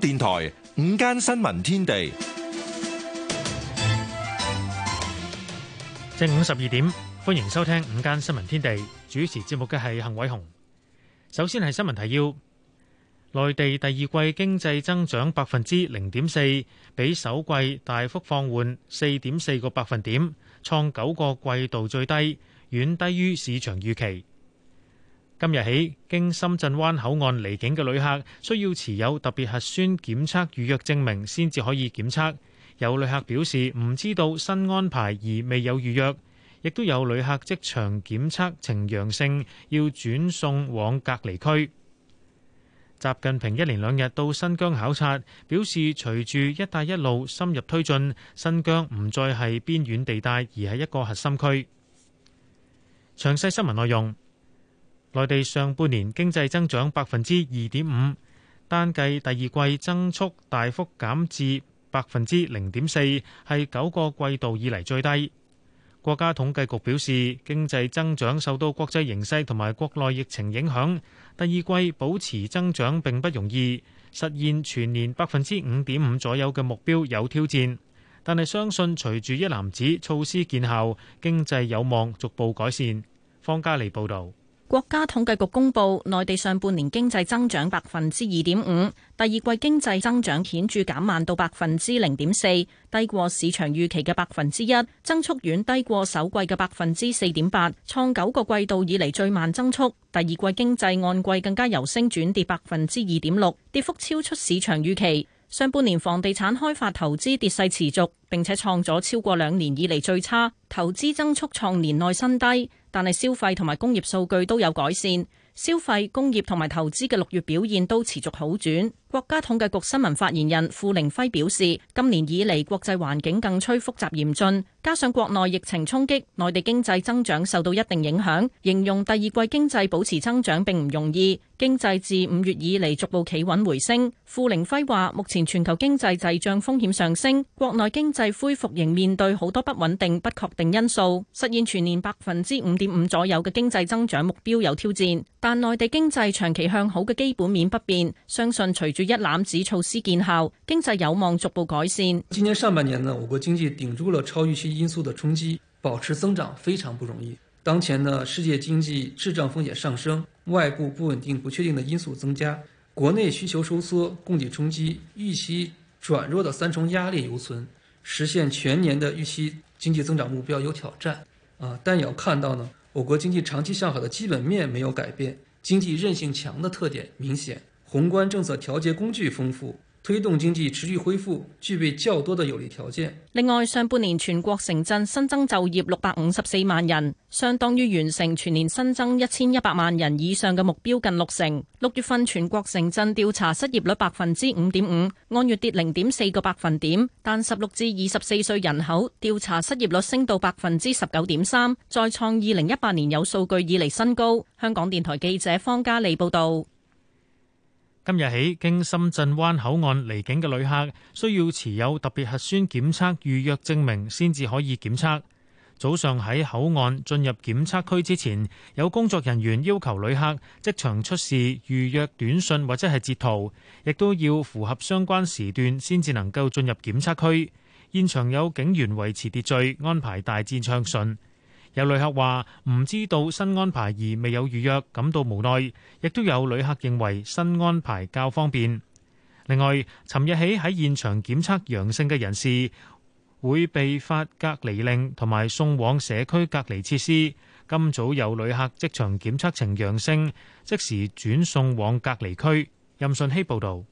電台午間新聞天地，正午十二點，歡迎收聽午間新聞天地。主持節目嘅係幸偉雄。首先係新聞提要：內地第二季經濟增長百分之零點四，比首季大幅放緩四點四個百分點，創九個季度最低，遠低於市場預期。今日起，經深圳灣口岸離境嘅旅客需要持有特別核酸檢測預約證明先至可以檢測，有旅客表示唔知道新安排而未有預約，亦都有旅客即場檢測呈陽性，要轉送往隔離區。習近平一連兩日到新疆考察，表示隨住「一帶一路」深入推進，新疆唔再係邊遠地帶，而係一個核心區。詳細新聞內容。內地上半年經濟增長百分之二點五，單計第二季增速大幅減至百分之零點四，係九個季度以嚟最低。國家統計局表示，經濟增長受到國際形勢同埋國內疫情影響，第二季保持增長並不容易，實現全年百分之五點五左右嘅目標有挑戰。但係相信，隨住一籃子措施見效，經濟有望逐步改善。方家莉報導。國家統計局公布，內地上半年經濟增長百分之二點五，第二季經濟增長顯著減慢到百分之零點四，低過市場預期嘅百分之一，增速遠低過首季嘅百分之四點八，創九個季度以嚟最慢增速。第二季經濟按季更加由升轉跌百分之二點六，跌幅超出市場預期。上半年房地產開發投資跌勢持續，並且創咗超過兩年以嚟最差，投資增速創年內新低。但係消費同埋工業數據都有改善，消費、工業同埋投資嘅六月表現都持續好轉。國家統計局新聞發言人傅凌暉表示，今年以嚟國際環境更趨複雜嚴峻，加上國內疫情衝擊，內地經濟增長受到一定影響。形容第二季經濟保持增長並唔容易，經濟自五月以嚟逐步企穩回升。傅凌暉話：目前全球經濟滯脹風險上升，國內經濟恢復仍面對好多不穩定、不確定因素，實現全年百分之五點五左右嘅經濟增長目標有挑戰。但內地經濟長期向好嘅基本面不變，相信隨住一攬子措施見效，經濟有望逐步改善。今年上半年呢，我國經濟頂住了超預期因素的衝擊，保持增長非常不容易。當前呢，世界經濟滯脹風險上升，外部不穩定、不確定的因素增加，國內需求收縮、供給衝擊、預期轉弱的三重壓力猶存，實現全年的預期經濟增長目標有挑戰。啊，但也要看到呢，我國經濟長期向好的基本面沒有改變，經濟韌性強的特點明顯。宏觀政策調節工具豐富，推動經濟持續恢復，具備較多的有利條件。另外，上半年全國城鎮新增就業六百五十四萬人，相當於完成全年新增一千一百萬人以上嘅目標近六成。六月份全國城鎮調查失業率百分之五點五，按月跌零點四個百分點，但十六至二十四歲人口調查失業率升到百分之十九點三，再創二零一八年有數據以嚟新高。香港電台記者方嘉莉報道。今日起，經深圳灣口岸離境嘅旅客需要持有特別核酸檢測預約證明，先至可以檢測。早上喺口岸進入檢測區之前，有工作人員要求旅客即場出示預約短信或者係截圖，亦都要符合相關時段，先至能夠進入檢測區。現場有警員維持秩序，安排大致暢順。有旅客話唔知道新安排而未有預約，感到無奈；亦都有旅客認為新安排較方便。另外，尋日起喺現場檢測陽性嘅人士會被發隔離令同埋送往社區隔離設施。今早有旅客即場檢測呈陽性，即時轉送往隔離區。任信希報導。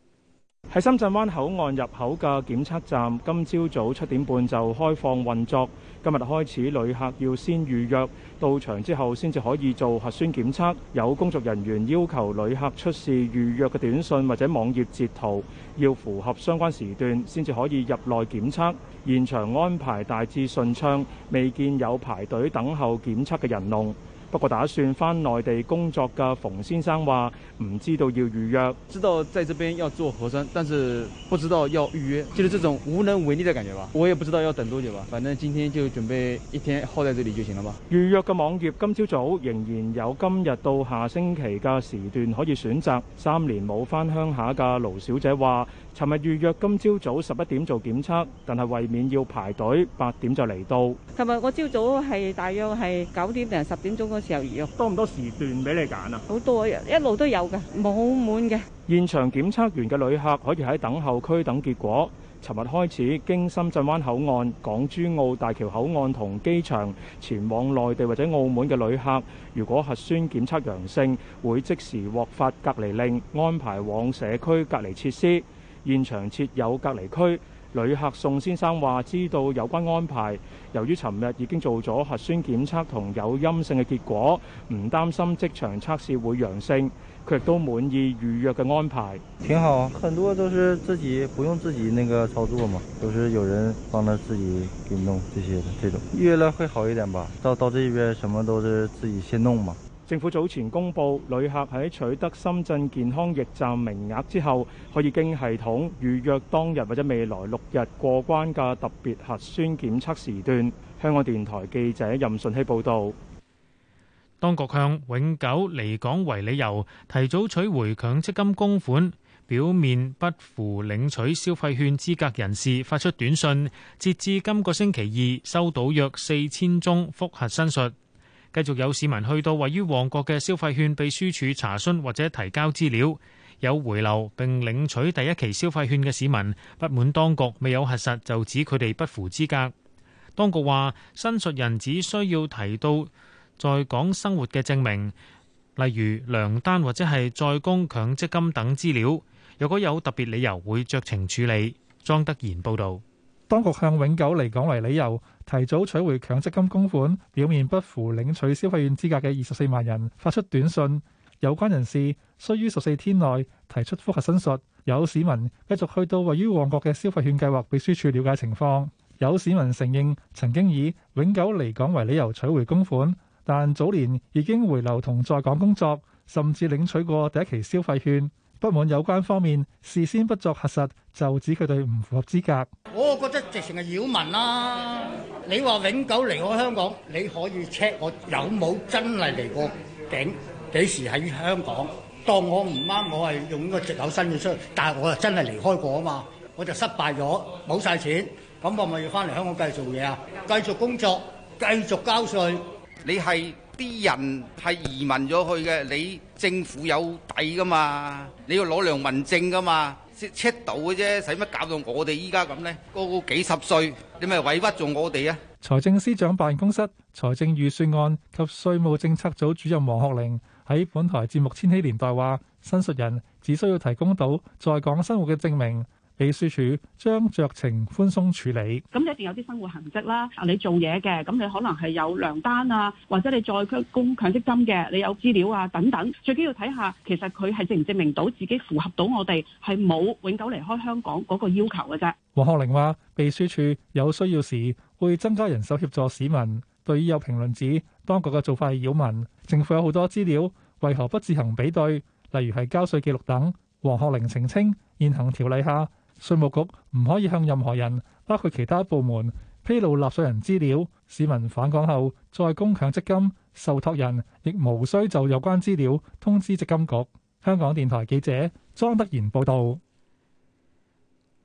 喺深圳灣口岸入口嘅檢測站，今朝早七點半就開放運作。今日開始，旅客要先預約到場之後先至可以做核酸檢測，有工作人員要求旅客出示預約嘅短信或者網頁截圖，要符合相關時段先至可以入內檢測，現場安排大致順暢，未見有排隊等候檢測嘅人龍。不過打算返內地工作嘅馮先生話，唔知道要預約，知道在這邊要做核酸，但是不知道要預約，就是這種無能為力的感覺吧。我也不知道要等多久吧，反正今天就準備一天耗在這裏就行了吧。預約嘅網頁今朝早仍然有今日到下星期嘅時段可以選擇。三年冇返鄉下嘅盧小姐話。尋日預約今朝早十一點做檢測，但係為免要排隊，八點就嚟到。尋日嗰朝早係大約係九點定十點鐘嗰時候預約。多唔多時段俾你揀啊？好多啊，一路都有㗎，冇滿嘅。現場檢測完嘅旅客可以喺等候區等結果。尋日開始經深圳灣口岸、港珠澳大橋口岸同機場前往內地或者澳門嘅旅客，如果核酸檢測陽性，會即時獲發隔離令，安排往社區隔離設施。現場設有隔離區，旅客宋先生話，知道有關安排，由於尋日已經做咗核酸檢測同有陰性嘅結果，唔擔心即場測試會陽性，佢亦都滿意預約嘅安排。挺好，很多都是自己不用自己那個操作嘛，都、就是有人幫他自己給弄這些的這種。預約了會好一點吧？到到這邊什麼都是自己先弄嘛。政府早前公布，旅客喺取得深圳健康驛站名額之後可以經系統預約當日或者未來六日過關嘅特別核酸檢測時段。香港電台記者任順熙報道。當局向永久離港為理由提早取回強積金供款，表面不符領取消費券資格人士發出短信，截至今個星期二收到約四千宗複核申述。繼續有市民去到位於旺角嘅消費券秘書處查詢或者提交資料，有回流並領取第一期消費券嘅市民不滿當局未有核實就指佢哋不符資格。當局話，申述人只需要提到在港生活嘅證明，例如糧單或者係在工強積金等資料。如果有特別理由，會酌情處理。莊德賢報導。當局向永久離港為理由，提早取回強積金供款，表面不符領取消費券資格嘅二十四萬人發出短信，有關人士需於十四天內提出復核申述。有市民繼續去到位於旺角嘅消費券計劃秘書處了解情況。有市民承認曾經以永久離港為理由取回供款，但早年已經回流同在港工作，甚至領取過第一期消費券。不滿有關方面事先不作核實，就指佢哋唔符合資格。我覺得直情係擾民啦，啊！你話永久離開香港，你可以 check 我有冇真係嚟過境，幾時喺香港？當我唔啱，我係用呢個藉口申請咗出嚟，但係我係真係離開過啊嘛，我就失敗咗，冇晒錢，咁我咪要翻嚟香港繼續做嘢啊？繼續工作，繼續交稅。你係啲人係移民咗去嘅，你。政府有底噶嘛？你要攞良民證噶嘛？check 到嘅啫，使乜搞到我哋依家咁呢？高、那、高、個、幾十歲，你咪委屈咗我哋啊！財政司長辦公室財政預算案及稅務政策組主任王學玲喺本台節目《千禧年代》話：申述人只需要提供到在港生活嘅證明。秘書處將酌情寬鬆處理。咁你一定有啲生活痕跡啦。你做嘢嘅，咁你可能係有糧單啊，或者你再供強積金嘅，你有資料啊等等。最緊要睇下，其實佢係證唔證明到自己符合到我哋係冇永久離開香港嗰個要求嘅啫。黃學玲話，秘書處有需要時會增加人手協助市民。對於有評論指當局嘅做法擾民，政府有好多資料，為何不自行比對？例如係交稅記錄等。黃學玲澄清，現行條例下。稅務局唔可以向任何人，包括其他部門，披露納稅人資料。市民返港後再供強積金，受託人亦無需就有關資料通知積金局。香港電台記者莊德賢報道。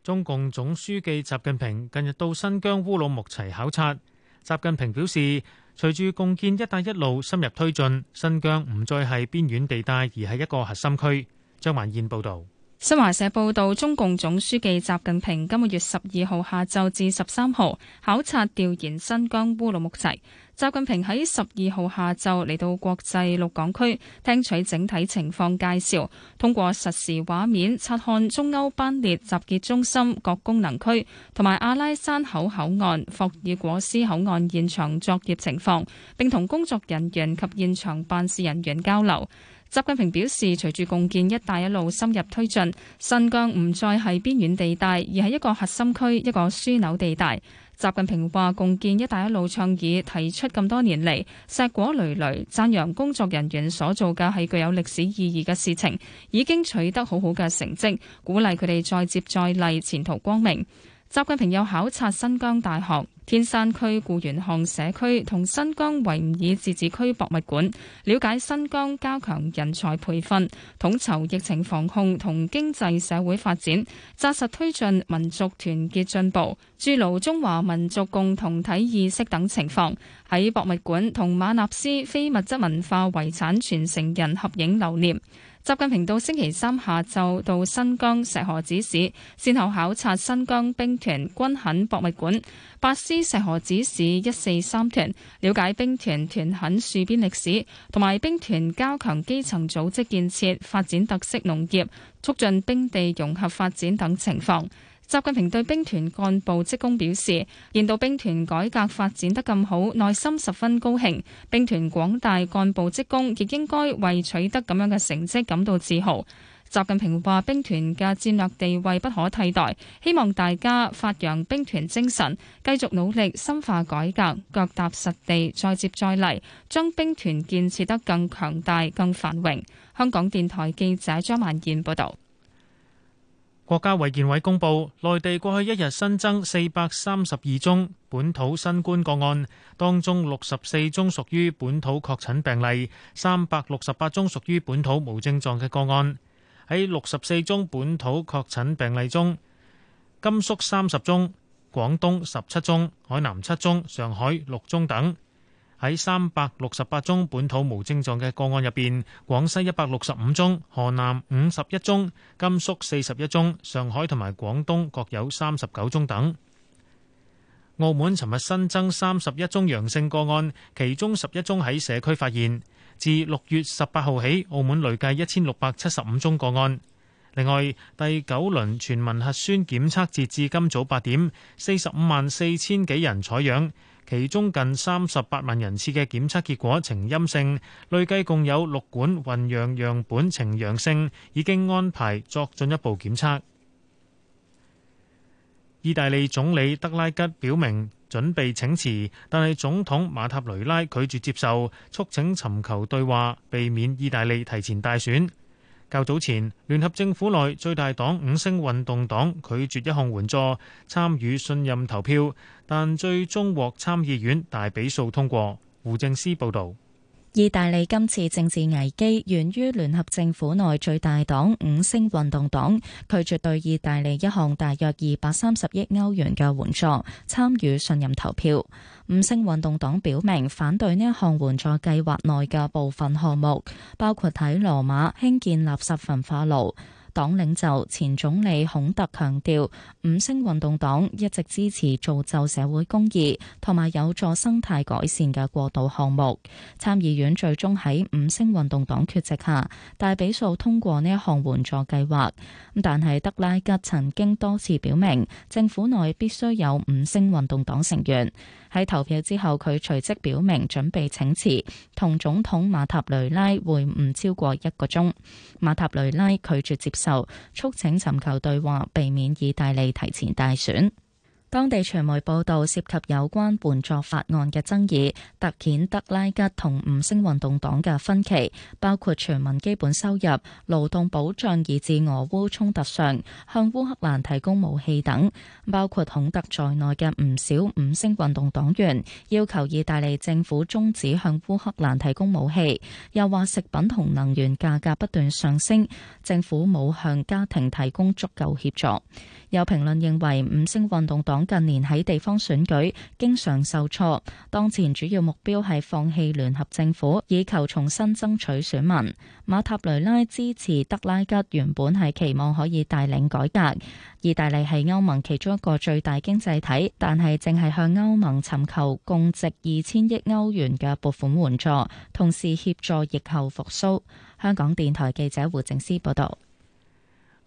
中共總書記習近平近日到新疆烏魯木齊考察。習近平表示，隨住共建“一帶一路”深入推進，新疆唔再係邊遠地帶，而係一個核心區。張環燕報道。新華社報道，中共總書記習近平今個月十二號下晝至十三號考察調研新疆烏魯木齊。習近平喺十二號下晝嚟到國際陸港區，聽取整體情況介紹，通過實時畫面察看中歐班列集結中心各功能區，同埋阿拉山口口岸、霍爾果斯口岸現場作業情況，並同工作人員及現場辦事人員交流。習近平表示，隨住共建“一帶一路”深入推進，新疆唔再係邊緣地帶，而係一個核心區、一個樞紐地帶。習近平話，共建“一帶一路”倡議提出咁多年嚟，碩果累累，讚揚工作人員所做嘅係具有歷史意義嘅事情，已經取得好好嘅成績，鼓勵佢哋再接再厲，前途光明。習近平又考察新疆大學。天山區固原巷社區同新疆維吾爾自治區博物館了解新疆加強人才培訓、統籌疫情防控同經濟社會發展、紮實推進民族團結進步、築牢中華民族共同體意識等情況，喺博物館同馬納斯非物質文化遺產傳承人合影留念。習近平到星期三下晝到新疆石河子市，先後考察新疆兵團軍墾博物館、八師石河子市一四三團，了解兵團屯墾戍邊歷史，同埋兵團加強基層組織建設、發展特色農業、促進兵地融合發展等情況。習近平對兵團幹部職工表示：見到兵團改革發展得咁好，內心十分高興。兵團廣大幹部職工亦應該為取得咁樣嘅成績感到自豪。習近平話：兵團嘅戰略地位不可替代，希望大家發揚兵團精神，繼續努力深化改革，腳踏實地，再接再厲，將兵團建設得更強大、更繁榮。香港電台記者張曼燕報道。國家衛健委公布，內地過去一日新增四百三十二宗本土新冠個案，當中六十四宗屬於本土確診病例，三百六十八宗屬於本土無症狀嘅個案。喺六十四宗本土確診病例中，甘肅三十宗，廣東十七宗，海南七宗，上海六宗等。喺三百六十八宗本土無症狀嘅個案入邊，廣西一百六十五宗，河南五十一宗，甘肅四十一宗，上海同埋廣東各有三十九宗等。澳門尋日新增三十一宗陽性個案，其中十一宗喺社區發現。自六月十八號起，澳門累計一千六百七十五宗個案。另外，第九輪全民核酸檢測截至今早八點，四十五萬四千幾人採樣。其中近三十八萬人次嘅檢測結果呈陰性，累計共有六管混樣樣本呈陽性，已經安排作進一步檢測。意大利總理德拉吉表明準備請辭，但係總統馬塔雷拉拒絕接受，促請尋求對話，避免意大利提前大選。較早前，聯合政府內最大黨五星運動黨拒絕一項援助參與信任投票，但最終獲參議院大比數通過。胡正思報導。意大利今次政治危機源於聯合政府內最大黨五星運動黨拒絕對意大利一項大約二百三十億歐元嘅援助參與信任投票。五星運動黨表明反對呢一項援助計劃內嘅部分項目，包括喺羅馬興建垃圾焚化爐。黨領袖前總理孔特強調，五星運動黨一直支持造就社會公義同埋有助生態改善嘅過渡項目。參議院最終喺五星運動黨缺席下，大比數通過呢一項援助計劃。但係德拉吉曾經多次表明，政府內必須有五星運動黨成員。喺投票之後，佢隨即表明準備請辭，同總統馬塔雷拉會晤超過一個鐘。馬塔雷拉拒絕接受，促請尋求對話，避免意大利提前大選。當地傳媒報導涉及有關援助法案嘅爭議，突顯德拉吉同五星運動黨嘅分歧，包括全民基本收入、勞動保障以至俄烏衝突上向烏克蘭提供武器等。包括孔特在內嘅唔少五星運動黨員要求意大利政府終止向烏克蘭提供武器，又話食品同能源價格不斷上升，政府冇向家庭提供足夠協助。有評論認為五星運動黨近年喺地方選舉經常受挫，當前主要目標係放棄聯合政府，以求重新爭取選民。馬塔雷拉支持德拉吉，原本係期望可以帶領改革。意大利係歐盟其中一個最大經濟體，但係淨係向歐盟尋求共值二千億歐元嘅撥款援助，同時協助疫後復蘇。香港電台記者胡靜思報道。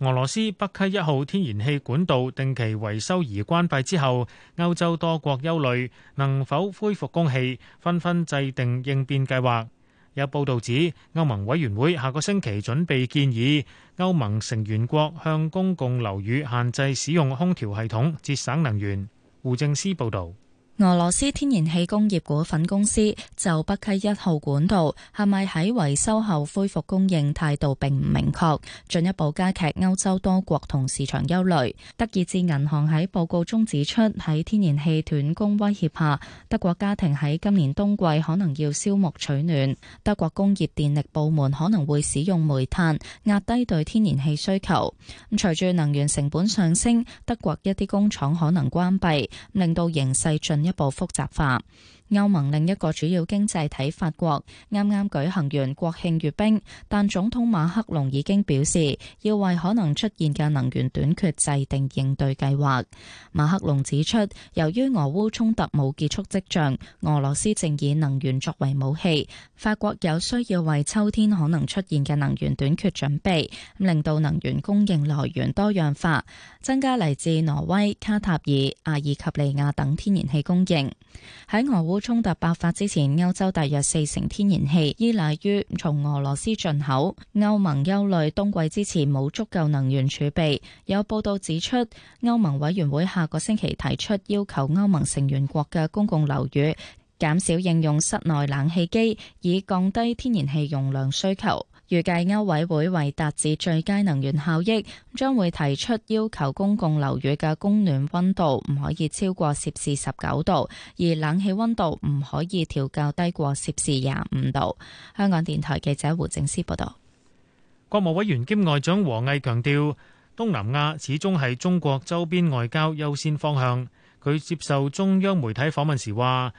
俄羅斯北溪一號天然氣管道定期維修而關閉之後，歐洲多國憂慮能否恢復供氣，紛紛制定應變計劃。有報導指，歐盟委員會下個星期準備建議歐盟成員國向公共樓宇限制使用空調系統，節省能源。胡正司報導。俄羅斯天然氣工業股份公司就北溪一號管道係咪喺維修後恢復供應態度並唔明確，進一步加劇歐洲多國同市場憂慮。德意志銀行喺報告中指出，喺天然氣斷供威脅下，德國家庭喺今年冬季可能要燒木取暖，德國工業電力部門可能會使用煤炭壓低對天然氣需求。咁隨住能源成本上升，德國一啲工廠可能關閉，令到形勢進。一步複雜化。歐盟另一個主要經濟體法國啱啱舉行完國慶閱兵，但總統馬克龍已經表示要為可能出現嘅能源短缺制定應對計劃。馬克龍指出，由於俄烏衝突冇結束跡象，俄羅斯正以能源作為武器，法國有需要為秋天可能出現嘅能源短缺準備，令到能源供應來源多樣化，增加嚟自挪威、卡塔爾、阿爾及利亞等天然氣供應。喺俄烏衝突爆發之前，歐洲大約四成天然氣依賴於從俄羅斯進口。歐盟憂慮冬季之前冇足夠能源儲備。有報道指出，歐盟委員會下個星期提出要求歐盟成員國嘅公共樓宇減少應用室內冷氣機，以降低天然氣容量需求。預計歐委會為達至最佳能源效益，將會提出要求公共樓宇嘅供暖溫度唔可以超過攝氏十九度，而冷氣溫度唔可以調較低過攝氏廿五度。香港電台記者胡正思報道。國務委員兼外長王毅強調，東南亞始終係中國周邊外交優先方向。佢接受中央媒體訪問時話。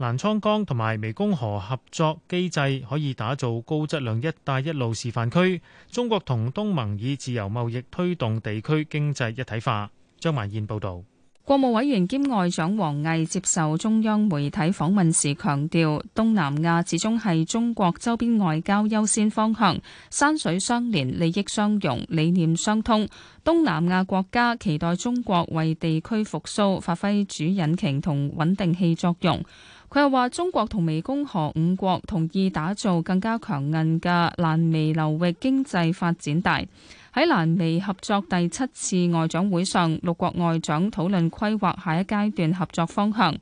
瀾滄江同埋湄公河合作機制可以打造高質量一帶一路示範區，中國同東盟以自由貿易推動地區經濟一體化。張曼燕報道。國務委員兼外長王毅接受中央媒體訪問時強調，東南亞始終係中國周邊外交優先方向，山水相連、利益相融、理念相通。東南亞國家期待中國為地區復蘇發揮主引擎同穩定器作用。佢又話：中國同湄公河五國同意打造更加強硬嘅瀾湄流域經濟發展帶。喺瀾湄合作第七次外長會上，六國外長討論規劃下一階段合作方向。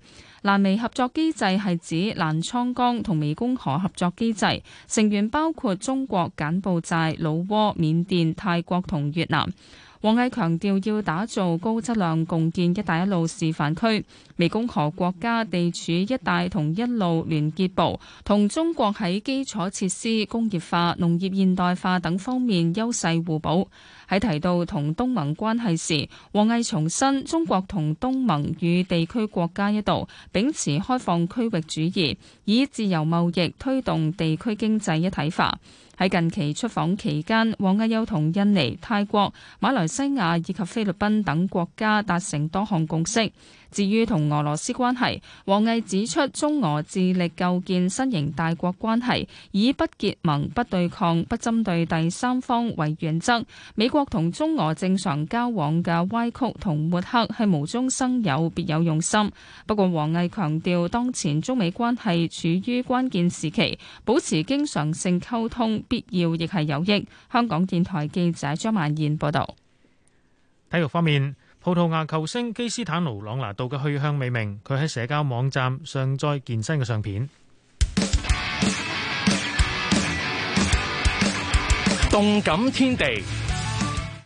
瀾湄合作機制係指瀾滄江同湄公河合作機制，成員包括中國、柬埔寨、老撾、緬甸、泰國同越南。王毅強調要打造高質量共建“一帶一路”示範區，湄公河國家地處“一帶同一路”聯結部，同中國喺基礎設施、工業化、農業現代化等方面優勢互補。喺提到同東盟關係時，王毅重申中國同東盟與地區國家一道，秉持開放區域主義，以自由貿易推動地區經濟一體化。喺近期出訪期間，王毅又同印尼、泰國、馬來西亞以及菲律賓等國家達成多項共識。至於同俄羅斯關係，王毅指出，中俄致力構建新型大國關係，以不結盟、不對抗、不針對第三方為原則。美國同中俄正常交往嘅歪曲同抹黑係無中生有、別有用心。不過，王毅強調，當前中美關係處於關鍵時期，保持經常性溝通必要亦係有益。香港電台記者張曼燕報導。體育方面。葡萄牙球星基斯坦奴·朗拿度嘅去向未明，佢喺社交網站上載健身嘅相片。動感天地，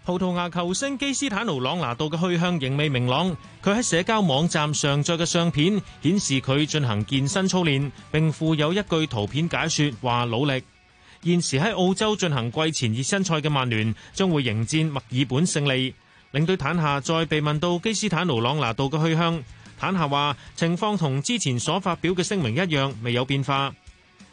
葡萄牙球星基斯坦奴·朗拿度嘅去向仍未明朗，佢喺社交網站上載嘅相片顯示佢進行健身操練，並附有一句圖片解說：話努力。現時喺澳洲進行季前熱身賽嘅曼聯將會迎戰墨爾本勝利。領隊坦夏再被問到基斯坦奴朗拿度嘅去向，坦夏話情況同之前所發表嘅聲明一樣，未有變化。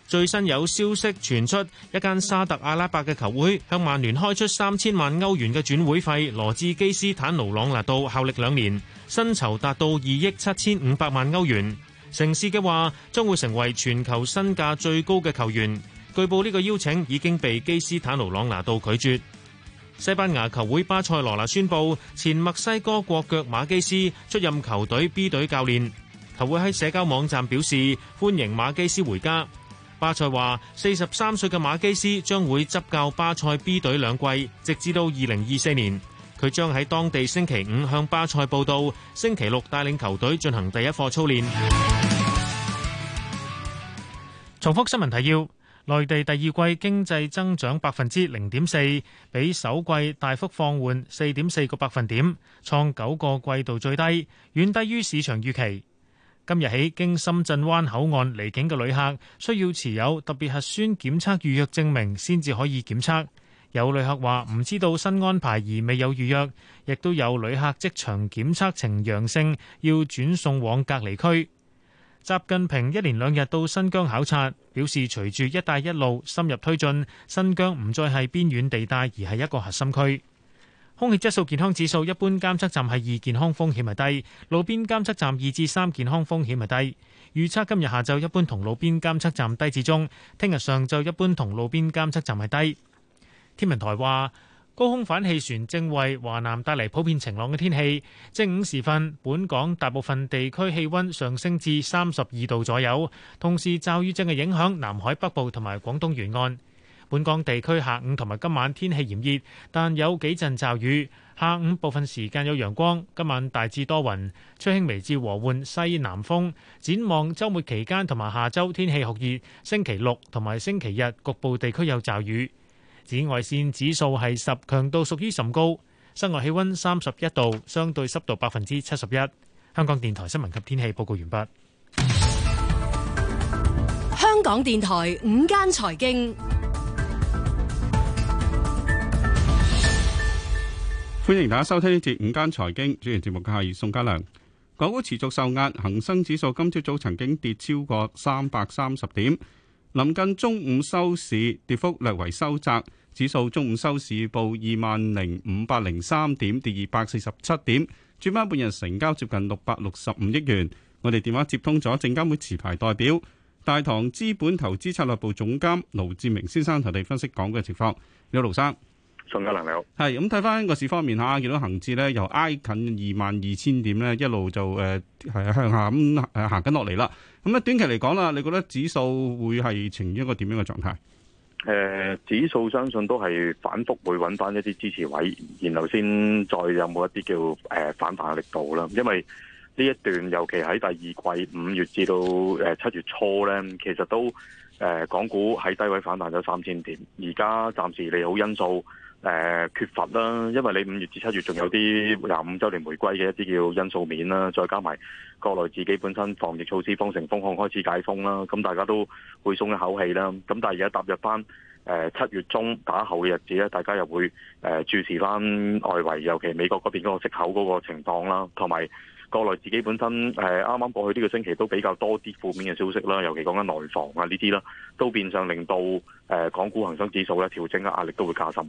最新有消息傳出，一間沙特阿拉伯嘅球會向曼聯開出三千萬歐元嘅轉會費，羅致基斯坦奴朗拿度效力兩年，薪酬達到二億七千五百萬歐元。成事嘅話將會成為全球身價最高嘅球員。據報呢個邀請已經被基斯坦奴朗拿度拒絕。西班牙球會巴塞羅那宣布，前墨西哥國腳馬基斯出任球隊 B 隊教練。球會喺社交網站表示歡迎馬基斯回家。巴塞話，四十三歲嘅馬基斯將會執教巴塞 B 隊兩季，直至到二零二四年。佢將喺當地星期五向巴塞報到，星期六帶領球隊進行第一課操練。重複新聞提要。內地第二季經濟增長百分之零點四，比首季大幅放緩四點四個百分點，創九個季度最低，遠低於市場預期。今日起，經深圳灣口岸離境嘅旅客需要持有特別核酸檢測預約證明先至可以檢測。有旅客話唔知道新安排而未有預約，亦都有旅客即場檢測呈陽性，要轉送往隔離區。習近平一連兩日到新疆考察，表示隨住一帶一路深入推進，新疆唔再係邊遠地帶，而係一個核心區。空氣質素健康指數一般監測站係二，健康風險係低，路邊監測站二至三，健康風險係低。預測今日下晝一般同路邊監測站低至中，聽日上晝一般同路邊監測站係低。天文台話。高空反氣旋正為華南帶嚟普遍晴朗嘅天氣，正午時分，本港大部分地區氣溫上升至三十二度左右，同時驟雨正係影響南海北部同埋廣東沿岸。本港地區下午同埋今晚天氣炎熱，但有幾陣驟雨。下午部分時間有陽光，今晚大致多雲，吹輕微至和緩西南風，展望周末期間同埋下周天氣酷熱，星期六同埋星期日局部地區有驟雨。紫外線指數係十，強度屬於甚高。室外氣溫三十一度，相對濕度百分之七十一。香港電台新聞及天氣報告完畢。香港電台午間財經，歡迎大家收聽呢節午間財經。主持節目嘅係宋家良。港股持續受壓，恒生指數今朝早曾經跌超過三百三十點。臨近中午收市，跌幅略為收窄，指數中午收市報二萬零五百零三點，跌二百四十七點。主板半日成交接近六百六十五億元。我哋電話接通咗證監會持牌代表大堂資本投資策略部總監盧志明先生，同你分析講嘅情況。你好，盧生。上嘅能力，係咁睇翻個市方面嚇，見到恒指咧由挨近二萬二千點咧，一路就誒係、呃、向下咁誒行緊落嚟啦。咁、嗯、咧、嗯、短期嚟講啦，你覺得指數會係呈一個點樣嘅狀態？誒、呃、指數相信都係反覆會揾翻一啲支持位，然後先再有冇一啲叫誒、呃、反彈嘅力度啦。因為呢一段尤其喺第二季五月至到誒七月初咧，其實都誒、呃、港股喺低位反彈咗三千點，而家暫時利好因素。呃、缺乏啦，因為你五月至七月仲有啲廿五週年回歸嘅一啲叫因素面啦，再加埋國內自己本身防疫措施封城封控開始解封啦，咁大家都會鬆一口氣啦。咁但係而家踏入翻誒七月中打後嘅日子咧，大家又會誒注視翻外圍，尤其美國嗰邊個息口嗰個情況啦，同埋國內自己本身誒啱啱過去呢個星期都比較多啲負面嘅消息啦，尤其講緊內房啊呢啲啦，都變相令到誒港股恒生指數咧調整嘅壓力都會加深。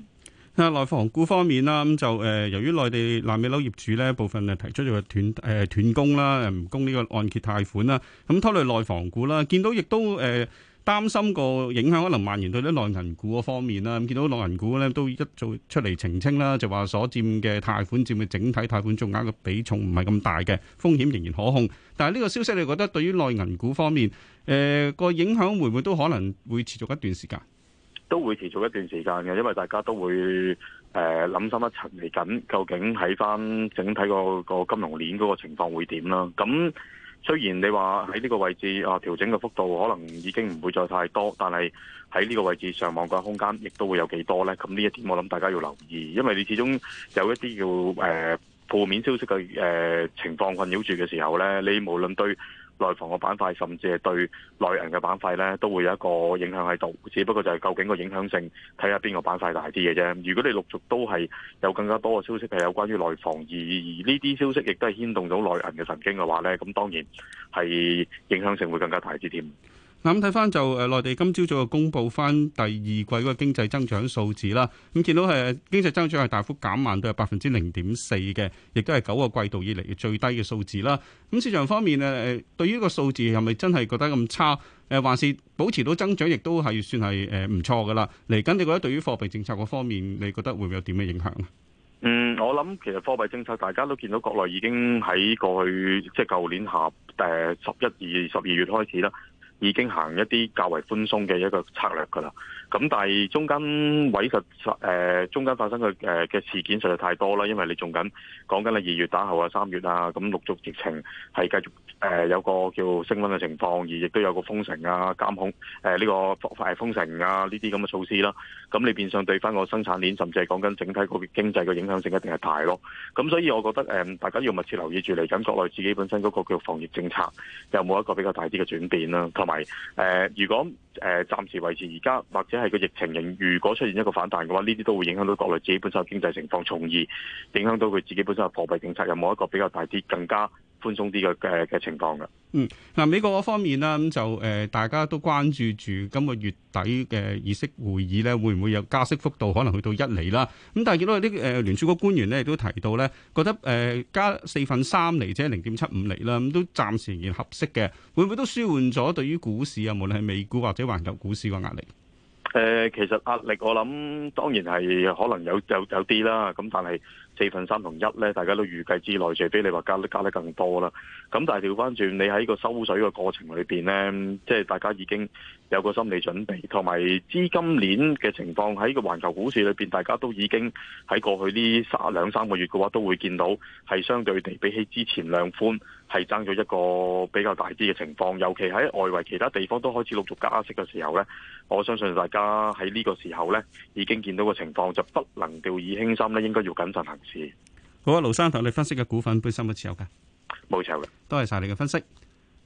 啊，內房股方面啦，咁就誒，由於內地爛尾樓業主咧，部分誒提出咗斷誒斷供啦，又唔供呢個按揭貸款啦，咁拖累內房股啦。見到亦都誒擔心個影響，可能蔓延到啲內銀股方面啦。咁見到內銀股咧都一早出嚟澄清啦，就話所佔嘅貸款佔嘅整體貸款總額嘅比重唔係咁大嘅，風險仍然可控。但係呢個消息你覺得對於內銀股方面，誒、呃、個影響會唔會都可能會持續一段時間？都會持續一段時間嘅，因為大家都會誒諗深一層嚟緊，究竟睇返整體個個金融鏈嗰個情況會點啦。咁雖然你話喺呢個位置啊，調整嘅幅度可能已經唔會再太多，但係喺呢個位置上望嘅空間亦都會有幾多呢？咁呢一點我諗大家要留意，因為你始終有一啲要誒負面消息嘅誒、呃、情況困擾住嘅時候呢，你無論對內房嘅板塊甚至係對內銀嘅板塊呢，都會有一個影響喺度。只不過就係究竟個影響性，睇下邊個板塊大啲嘅啫。如果你陸續都係有更加多嘅消息係有關於內房，而呢啲消息亦都係牽動到內銀嘅神經嘅話呢，咁當然係影響性會更加大啲添。嗱，咁睇翻就誒，內地今朝早就公布翻第二季嗰個經濟增長數字啦。咁見到誒，經濟增長係大幅減慢到係百分之零點四嘅，亦都係九個季度以嚟嘅最低嘅數字啦。咁市場方面誒誒，對於個數字係咪真係覺得咁差？誒，還是保持到增長是是，亦都係算係誒唔錯噶啦。嚟緊，你覺得對於貨幣政策嗰方面，你覺得會唔會有點咩影響咧？嗯，我諗其實貨幣政策大家都見到國內已經喺過去即係舊年下誒十一、二、十二月開始啦。已經行一啲較為寬鬆嘅一個策略㗎啦，咁但係中間位實誒、呃、中間發生嘅誒嘅事件實在太多啦，因為你仲緊講緊係二月打後啊三月啊，咁陸續疫情係繼續誒、呃、有個叫升溫嘅情況，而亦都有個封城啊監控誒呢、呃這個誒、啊、封城啊呢啲咁嘅措施啦，咁你變相對翻個生產鏈，甚至係講緊整體個經濟嘅影響性一定係大咯，咁所以我覺得誒、呃、大家要密切留意住嚟緊國內自己本身嗰個叫防疫政策有冇一個比較大啲嘅轉變啦，係，誒，如果誒暫、呃、時維持而家，或者係個疫情仍如果出現一個反彈嘅話，呢啲都會影響到國內自己本身嘅經濟情況，從而影響到佢自己本身嘅貨幣政策有冇一個比較大啲，更加。寬鬆啲嘅嘅嘅情況㗎。嗯，嗱，美國嗰方面咧，咁就誒，大家都關注住今個月底嘅議息會議咧，會唔會有加息幅度可能去到一釐啦？咁但係見到有啲誒聯儲局官員咧，亦都提到咧，覺得誒加四分三釐即係零點七五釐啦，咁都暫時仍然合適嘅。會唔會都舒緩咗對於股市啊，無論係美股或者環球股市個壓力？誒，其實壓力我諗當然係可能有有有啲啦，咁但係。四分三同一呢，大家都預計之內，除非你話加得加得更多啦。咁但係調翻轉，你喺個收水嘅過程裏邊呢，即係大家已經有個心理準備，同埋資金鏈嘅情況喺個環球股市裏邊，大家都已經喺過去呢三兩三個月嘅話，都會見到係相對地比起之前兩寬係爭咗一個比較大啲嘅情況。尤其喺外圍其他地方都開始陸續加息嘅時候呢，我相信大家喺呢個時候呢，已經見到個情況就不能掉以輕心呢，應該要謹慎行事。好啊，盧生，同你分析嘅股份，本身有冇持有噶？冇錯嘅，多謝晒你嘅分析。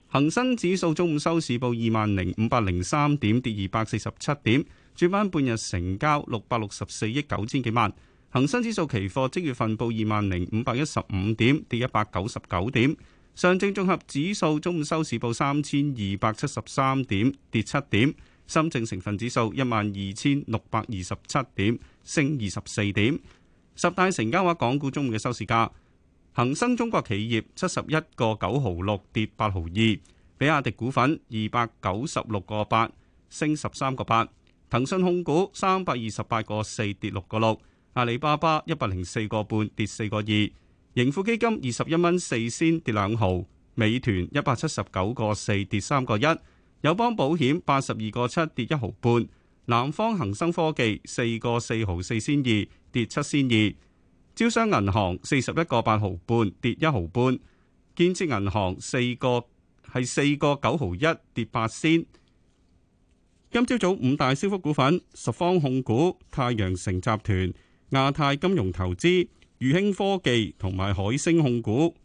恒生指數中午收市報二萬零五百零三點，跌二百四十七點。主板半日成交六百六十四億九千幾萬。恒生指數期貨即月份報二萬零五百一十五點，跌一百九十九點。上證綜合指數中午收市報三千二百七十三點，跌七點。深證成分指數一萬二千六百二十七點，升二十四點。十大成交額港股中午嘅收市價，恒生中國企業七十一個九毫六跌八毫二，比亞迪股份二百九十六個八升十三個八，騰訊控股三百二十八個四跌六個六，阿里巴巴一百零四個半跌四個二，盈富基金二十一蚊四仙跌兩毫，美團一百七十九個四跌三個一，友邦保險八十二個七跌一毫半，南方恒生科技四個四毫四仙二。跌七仙二，招商銀行四十一個八毫半跌一毫半，建設銀行四個係四個九毫一跌八仙。今朝早五大升幅股份：十方控股、太陽城集團、亞太金融投資、裕興科技同埋海星控股。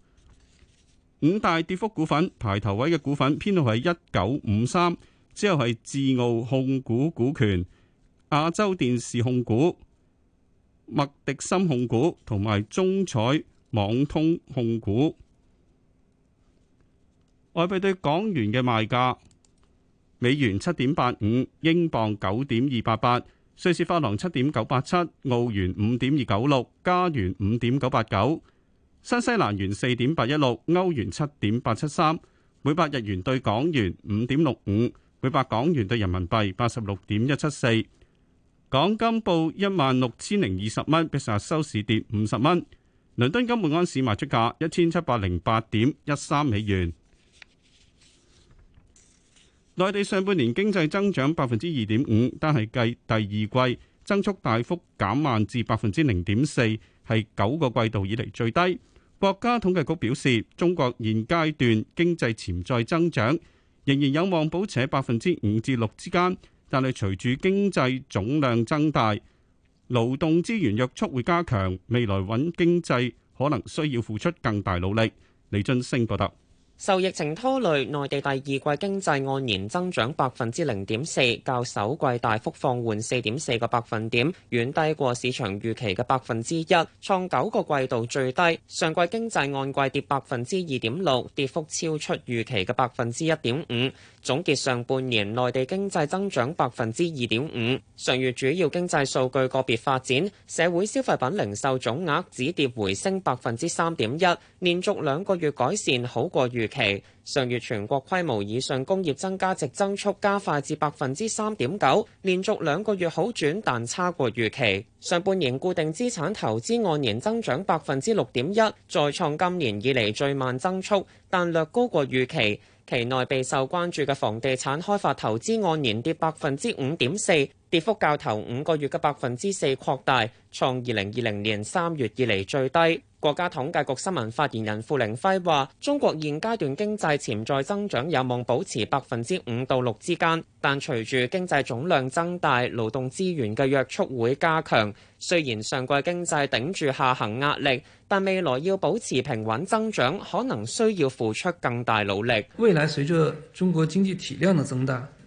五大跌幅股份排頭位嘅股份編號係一九五三，之後係智奧控股股權、亞洲電視控股。麥迪森控股同埋中彩網通控股。外幣對港元嘅賣價：美元七點八五，英鎊九點二八八，瑞士法郎七點九八七，澳元五點二九六，加元五點九八九，新西蘭元四點八一六，歐元七點八七三，每百日元對港元五點六五，每百港元對人民幣八十六點一七四。港金報一萬六千零二十蚊，比上日收市跌五十蚊。倫敦金每安士賣出價一千七百零八點一三美元。內地上半年經濟增長百分之二點五，但係計第二季增速大幅減慢至百分之零點四，係九個季度以嚟最低。國家統計局表示，中國現階段經濟潛在增長仍然有望保持喺百分之五至六之間。但係隨住經濟總量增大，勞動資源約束會加強，未來穩經濟可能需要付出更大努力。李俊升覺得。受疫情拖累，內地第二季經濟按年增長百分之零點四，較首季大幅放緩四點四個百分點，遠低過市場預期嘅百分之一，創九個季度最低。上季經濟按季跌百分之二點六，跌幅超出預期嘅百分之一點五。總結上半年內地經濟增長百分之二點五。上月主要經濟數據個別發展，社會消費品零售總額止跌回升百分之三點一，連續兩個月改善，好過預期上月全國規模以上工業增加值增速加快至百分之三點九，連續兩個月好轉，但差過預期。上半年固定資產投資按年增長百分之六點一，再創今年以嚟最慢增速，但略高過預期。期內備受關注嘅房地產開發投資按年跌百分之五點四。跌幅較頭五個月嘅百分之四擴大，創二零二零年三月以嚟最低。國家統計局新聞發言人傅凌輝話，中國現階段經濟潛在增長有望保持百分之五到六之間，但隨住經濟總量增大，勞動資源嘅約束會加強。雖然上季經濟頂住下行壓力，但未來要保持平穩增長，可能需要付出更大努力。未來隨著中國經濟體量嘅增大。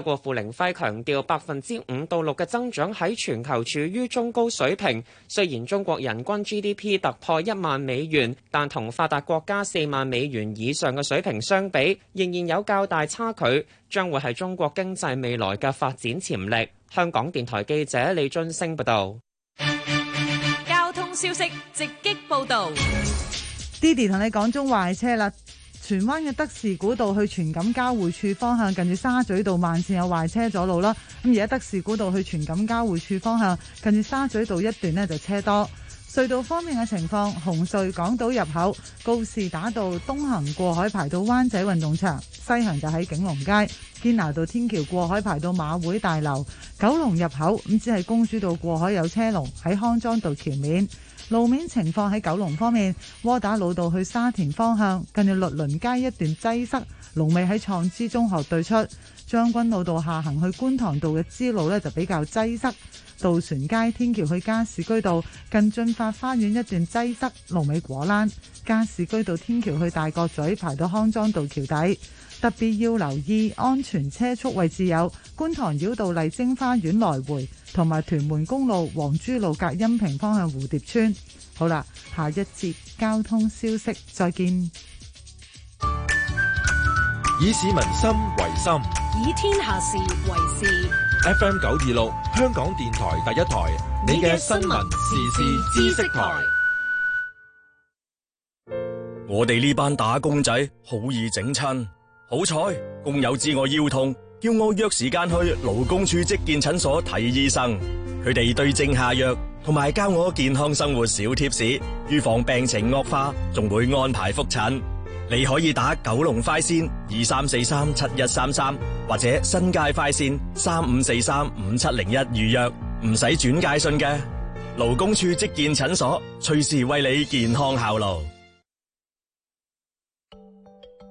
不過，傅玲輝強調，百分之五到六嘅增長喺全球處於中高水平。雖然中國人均 GDP 突破一萬美元，但同發達國家四萬美元以上嘅水平相比，仍然有較大差距。將會係中國經濟未來嘅發展潛力。香港電台記者李津升報道。交通消息直擊報道。Didi 同你講中環車率。荃灣嘅德士古道去荃錦交匯處方向，近住沙咀道慢線有壞車阻路啦。咁而家德士古道去荃錦交匯處方向，近住沙咀道一段呢就車多。隧道方面嘅情況，紅隧港島入口告士打道東行過海排到灣仔運動場，西行就喺景隆街堅拿道天橋過海排到馬會大樓。九龍入口咁只係公主道過海有車龍，喺康莊道前面。路面情況喺九龍方面，窩打老道去沙田方向，近日律倫街一段擠塞，龍尾喺創知中學對出；將軍澳道下行去觀塘道嘅支路呢，就比較擠塞；渡船街天橋去加士居道，近駿發花園一段擠塞，龍尾果欄；加士居道天橋去大角咀排到康莊道橋底。特別要留意安全車速位置有觀塘繞道麗晶花園來回同埋屯門公路黃珠路隔音屏方向蝴蝶村。好啦，下一節交通消息，再見。以市民心為心，以天下事為事。F M 九二六，香港電台第一台，你嘅新聞時事知識台。我哋呢班打工仔好易整親。好彩，工友知我腰痛，叫我約時間去勞工處職健診所睇醫生。佢哋對症下藥，同埋教我健康生活小貼士，預防病情惡化，仲會安排復診。你可以打九龍快線二三四三七一三三，或者新界快線三五四三五七零一預約，唔使轉介信嘅。勞工處職健診所隨時為你健康效勞。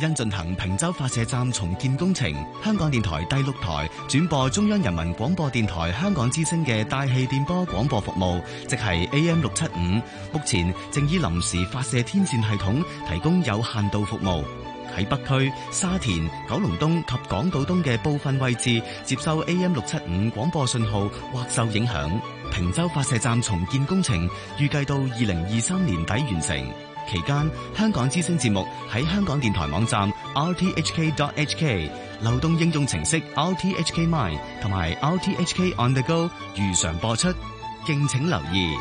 因進行坪洲發射站重建工程，香港電台第六台轉播中央人民廣播電台香港之聲嘅大氣電波廣播服務，即係 AM 六七五，目前正以臨時發射天線系統提供有限度服務。喺北區、沙田、九龍東及港島東嘅部分位置接收 AM 六七五廣播信號或受影響。坪洲發射站重建工程預計到二零二三年底完成。期間，香港之聲節目喺香港電台網站 rthk.hk、流動應用程式 rthk mine 同埋 rthk on the go 如常播出，敬請留意。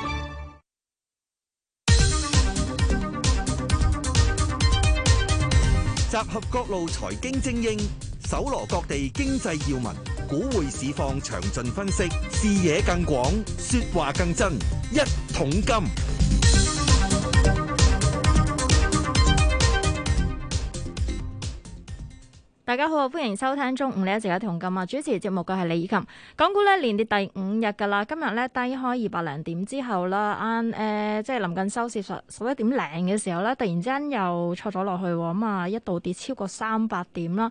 集合各路財經精英，搜羅各地經濟要聞，股匯市況詳盡分析，視野更廣，說話更真，一桶金。大家好，歡迎收聽中午呢一節嘅《同金》啊！ 主持節目嘅係李以琴。港股咧連跌第五日噶啦，今日咧低開二百零點之後啦，啱誒、呃，即係臨近收市十十一點零嘅時候呢，突然之間又挫咗落去，咁啊一度跌超過三百點啦。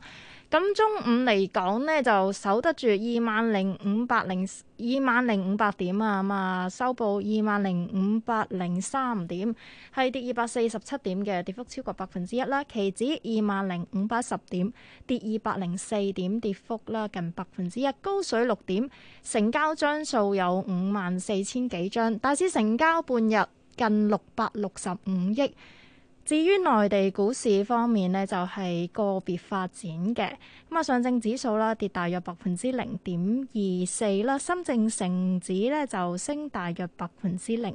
咁中午嚟講呢，就守得住二萬零五百零二萬零五百點啊嘛，收報二萬零五百零三點，係跌二百四十七點嘅，跌幅超過百分之一啦。期指二萬零五百一十點，跌二百零四點，跌幅啦近百分之一，高水六點，成交張數有五萬四千幾張，大市成交半日近六百六十五億。至於內地股市方面咧，就係個別發展嘅。咁啊，上證指數啦跌大約百分之零點二四啦，深證成指咧就升大約百分之零。